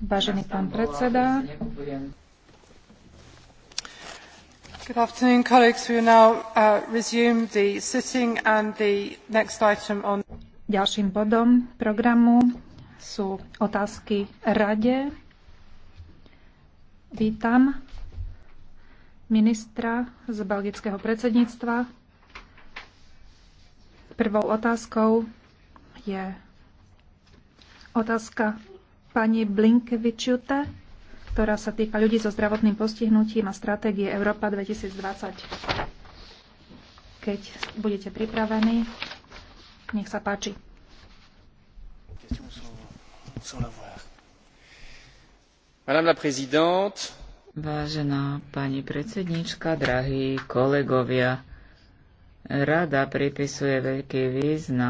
Vážený pán predseda, Good afternoon, colleagues. We will now uh, resume the sitting and the next item on... Ďalším bodom programu sú otázky rade. Vítam ministra z belgického predsedníctva. Prvou otázkou je otázka pani Blinkevičute, ktorá sa týka ľudí so zdravotným postihnutím a stratégie Európa 2020. Keď budete pripravení, nech sa páči. Madame la présidente, Vážená pani predsednička, drahí kolegovia, rada pripisuje veľký význam